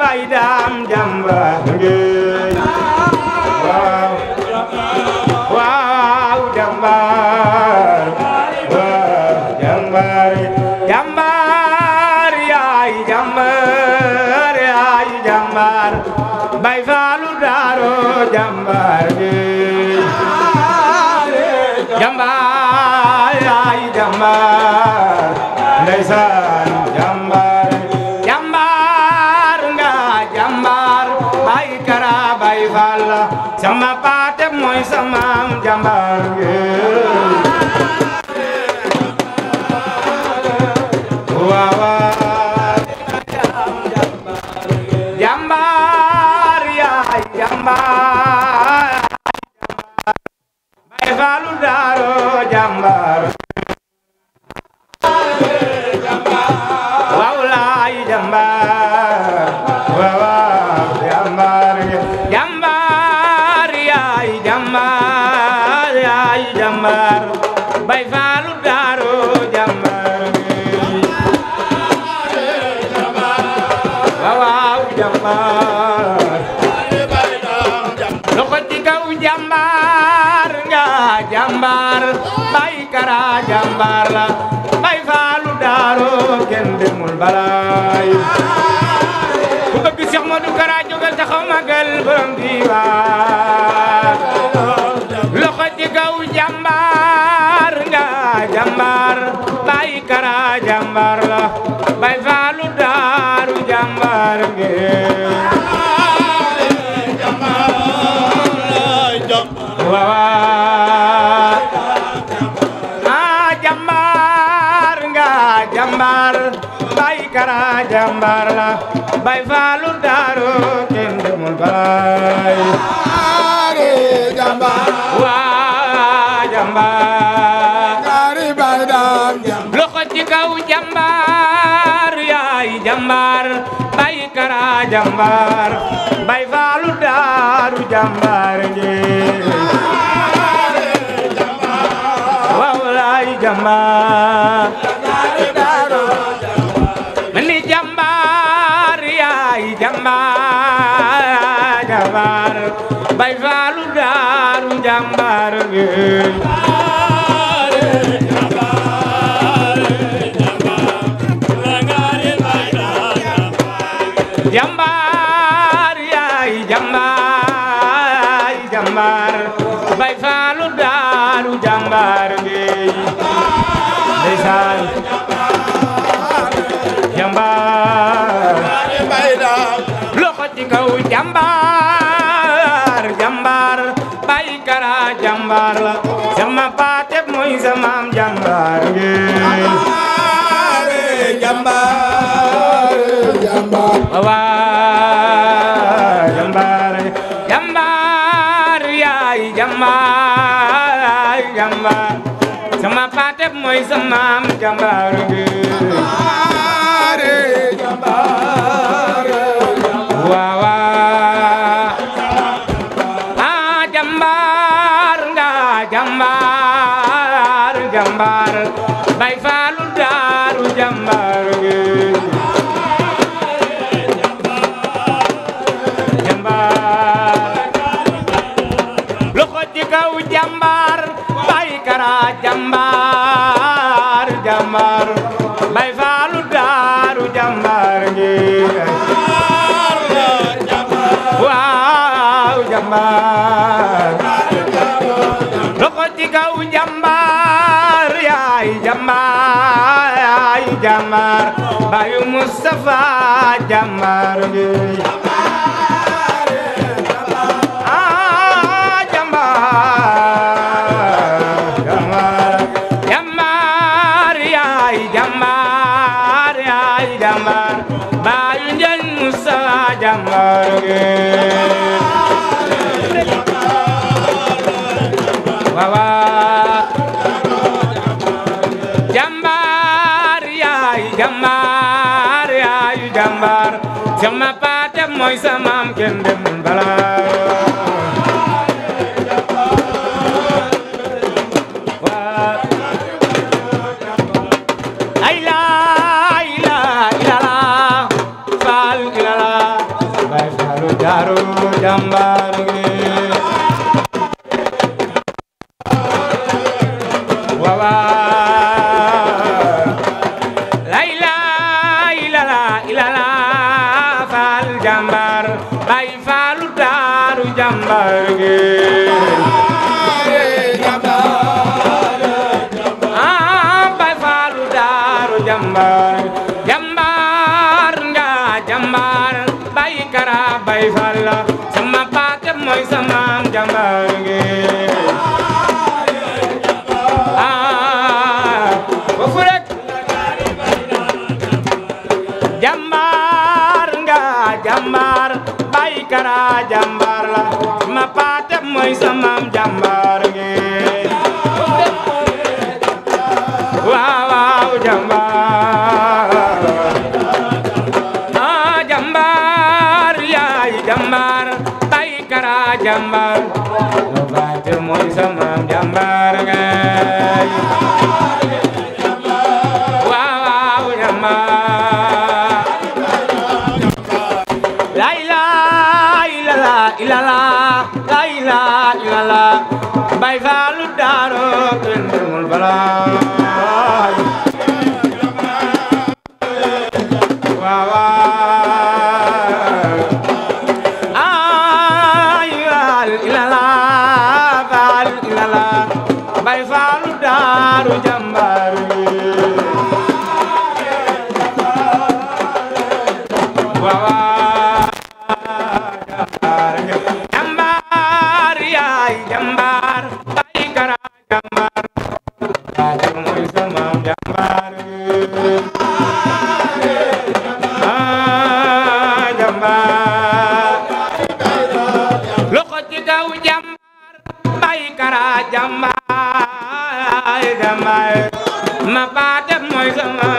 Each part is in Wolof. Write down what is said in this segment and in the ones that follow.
fayda am jàmba jàmbaar jàmbaar bay kara jàmbaar la bay faalu daaro kenn demul balaay ku bëgg Cheikh Modou Kara jógal taxaw magal borom diwaan loxo ci kaw nga jàmbaar bay kara jàmbaar la bay faalu daaru jàmbaar ngeen jàmbaar la bay faalu daaru kenn demul balay are jàmbaar waa jàmbaar gari bay daam jàmbaar loxo ci kaw jàmbaar yaay jàmbaar bay kara jàmbaar bay faalu daaru jàmbaar ngeen jàmbaar waaw laay jàmbaar Bayfaalu Daaru jàmbaar ngeey ndeysaan waa jambaar jambaar yaay jambaar jambaar sama paate mooy sama maam jambaar bi jambaar nga jambaar jambaar bay fa ay jàmbaar ay jàmbaar bayu Mustafa jàmbaar jàmbaar Cheikh ma paate mooy sa maam kenn demul balaa Dave, how bala bay faalu daaro ten demul bala kara jàmbaay jàmbaay ma baate mooy sama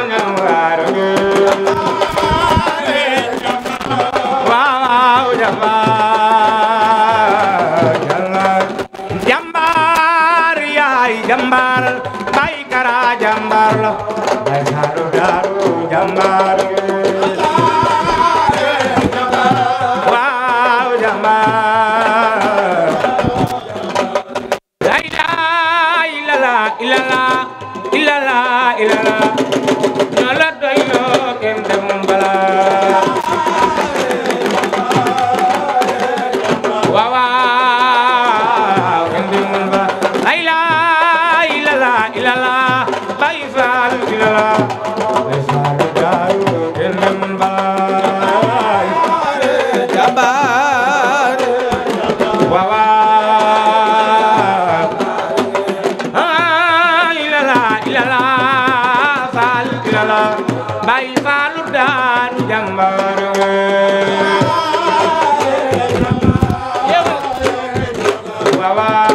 Bye-bye.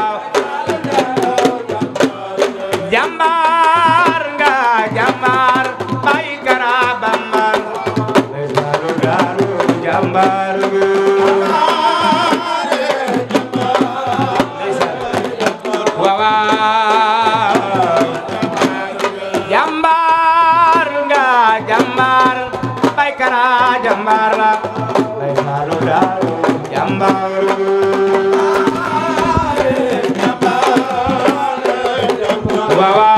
Jehová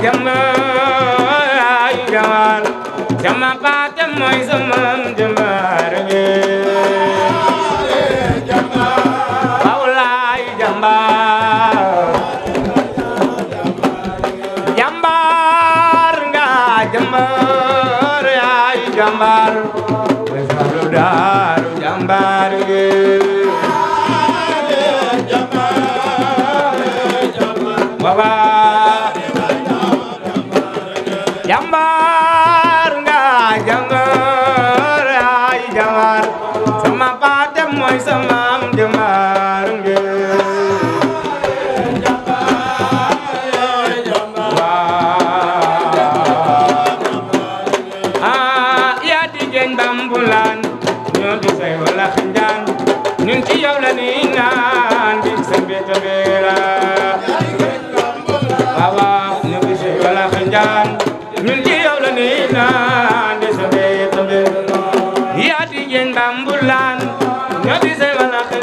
jamaa jamaa jamaa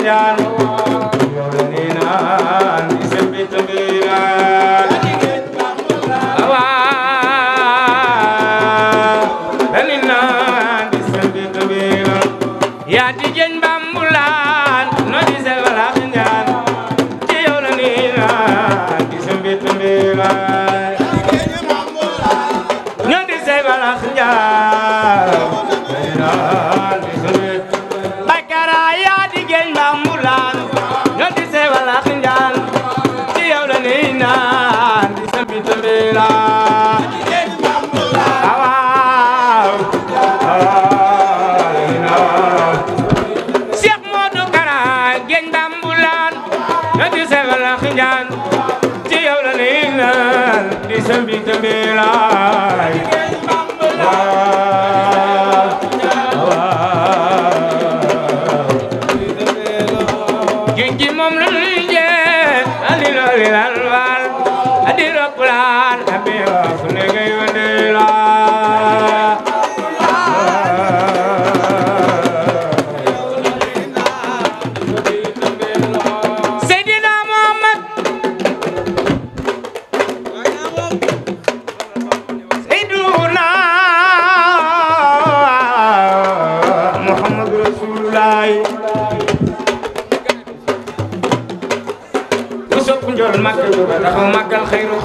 Narayan.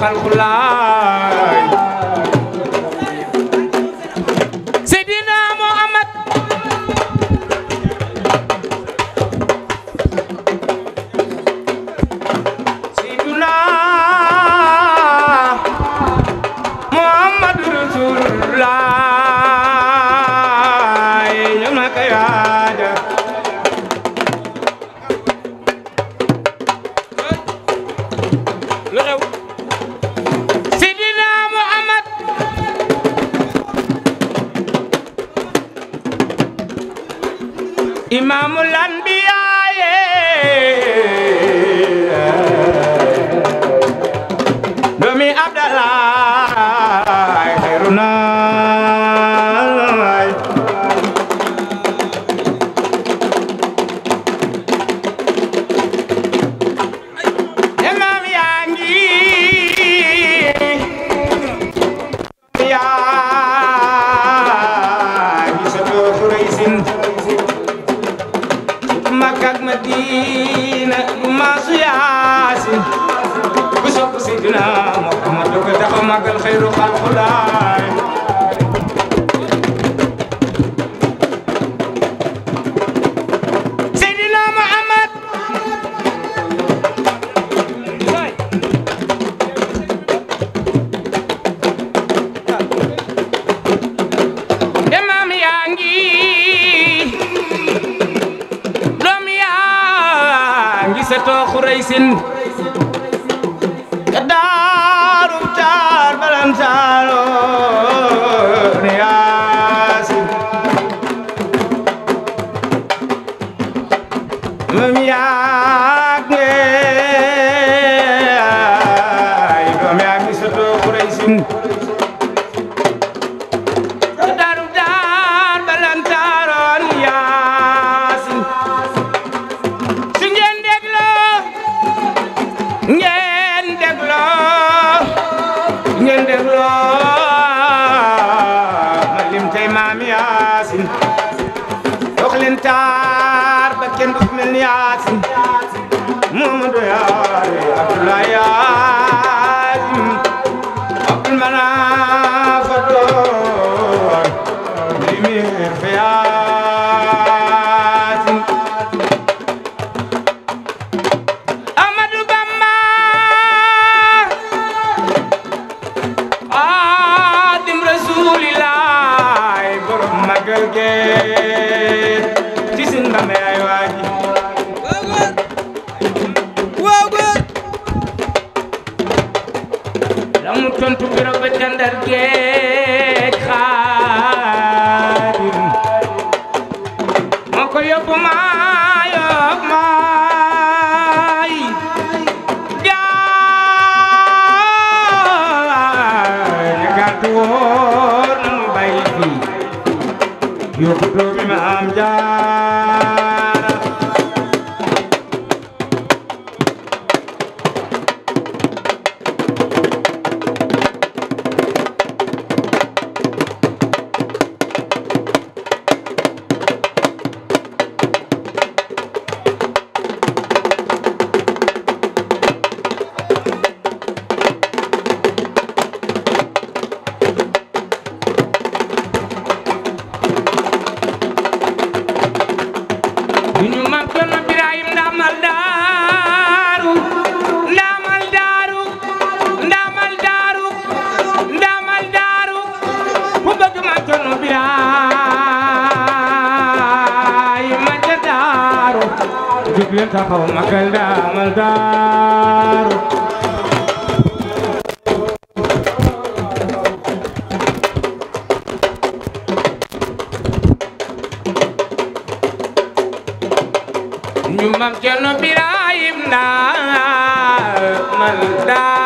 I'm calcular. hmm perfear. ko yóbbu maay ak maay jaay na gàttu woon bay fi yóbbu doomi ma am ñu mam Cerno Birahim Ndaal man daal